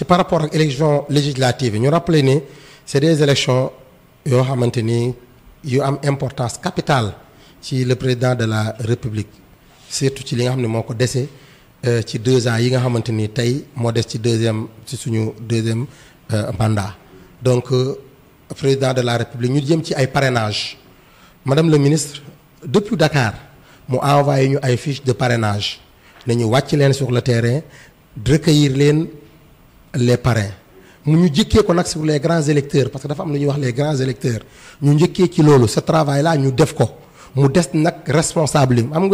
C'est par rapport à l'élection législative Nous rappelons que ni c'est des élections yo xamanteni yu am importance capitale ci le président de la république C'est ci li nga xam moko déssé euh, ci deux ans yi nga xamanteni tay mo deuxième ci suñu deuxième euh, mandat donc euh, président de la république ñu jëm ci ay parrainage madame le ministre depuis Dakar mu envoyé ñu ay fiche de parrainage nañu wacc leen sur le terrain recueillir les parrains Nous ñu jëkkee ko sur les grands électeurs parce que nous avons les grands électeurs Nous disons ci que ce travail là nous def ko mu des nag responsable yi am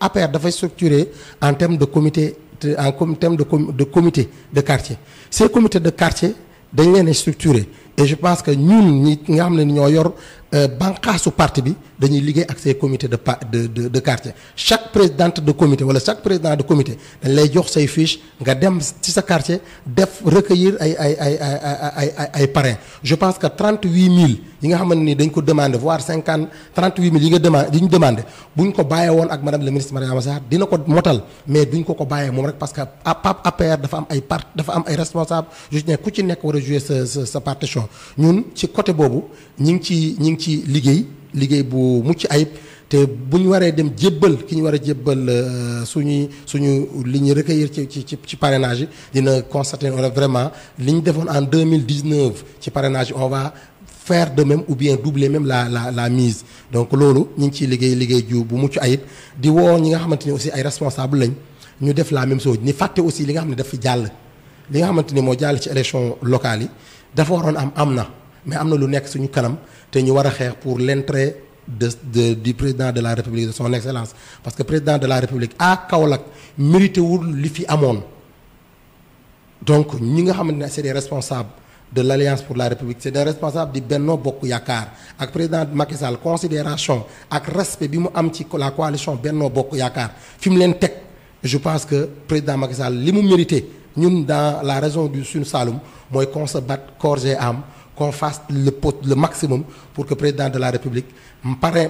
APR structuré en termes de comité en termes de comité de quartier ces comités de quartier ils sont structurés et je pense que nous, ñi avons une banque ñoo yor euh, parti bi dañuy liggéey ak comité de quartier chaque présidente de comité wala chaque président de comité dañ lay jox say fiches nga dem ci sa quartier def recueillir ay ay ay je pense que 38 000, nga xamante ni dañ ko demandé voire 50 38 000, nga demandé eu des demandé bu ñu ko des demandes ak madame le ministre Mariama Sarr dina ko motal mais duñ ko ko bàyyee moom rek parce que APR dafa am ay part dafa am ay responsable je ne ku ci nekk war jouer ce partition non ñun ci côté boobu ñi ngi ci ñi ngi ci liggéey liggéey bu mucc ayib te bu ñu waree dem jébbal ki ñu war a jébbal euh, suñuy suñu li ñu recueillir ci ci ci parrainage yi dina constater on vraiment li ñu en 2019 ci parrainage on va faire de même ou bien doubler même la la la mise donc loolu ñu ngi ciy liggéey liggéey ju bu mucc ayib di woo ñi nga xamante aussi ay responsable lañ ñu def la même chose ni fàtte aussi li nga xam ne dafa jàll li nga xamante ni ci élection locale yi dafa am amna mais amna lu nek suñu kanam te ñu wara a pour l'entrée de du président de la république de son excellence parce que président de la république a kaolak mérité wul li fi amone donc ñi nga c'est des responsables de l'alliance pour la république c'est des responsables de Benno Bokk yakar ak président Macky Sall considération ak respect bi mu am ci la coalition Benno Bokk yakar fim len tek je pense que président Macky Sall li mu mérité nous, dans la région du sud Saloum moi qu'on se batte corps et âme qu'on fasse le maximum pour que le président de la République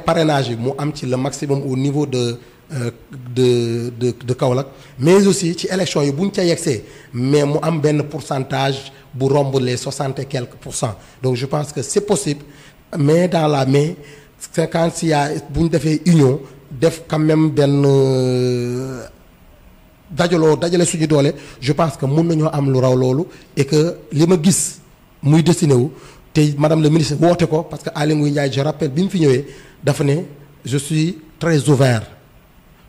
parrainage le maximum au niveau euh, de de de Kaolack mais aussi ci élection yi bu a ca mais mais y a un pourcentage pour rompre les 60 et quelques pourcents. donc je pense que c'est possible mais dans la main quand si a bu ñu une union def quand même un dajaloo dajale suñu doole je pense que mën nañu am lu raw loolu et que li ma gis muy destiné wu te madame le ministre woté ko parce que Aly Ngouille Ndiaye je rappelle bi fi ñëwé dafa né je suis très ouvert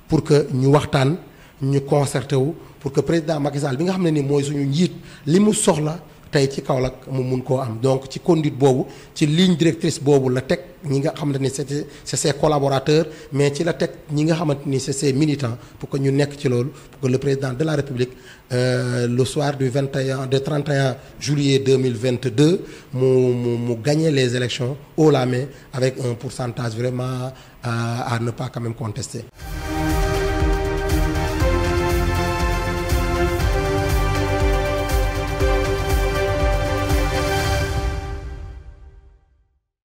pour que ñu waxtaan ñu concerté wu pour que président Macky Sall bi nga xamné ni moy suñu njiit limu soxla tay ci kaolak mu mën ko am donc ci conduite bobu ci ligne directrice bobu la teg nga besoin c'est collaborateurs mais ci la tek c'est ses militants pour que nous nek pour que le président de la République euh, le soir du 21 de 31 juillet 2022 mu gagner les élections haut la avec un pourcentage vraiment à ne pas quand même contester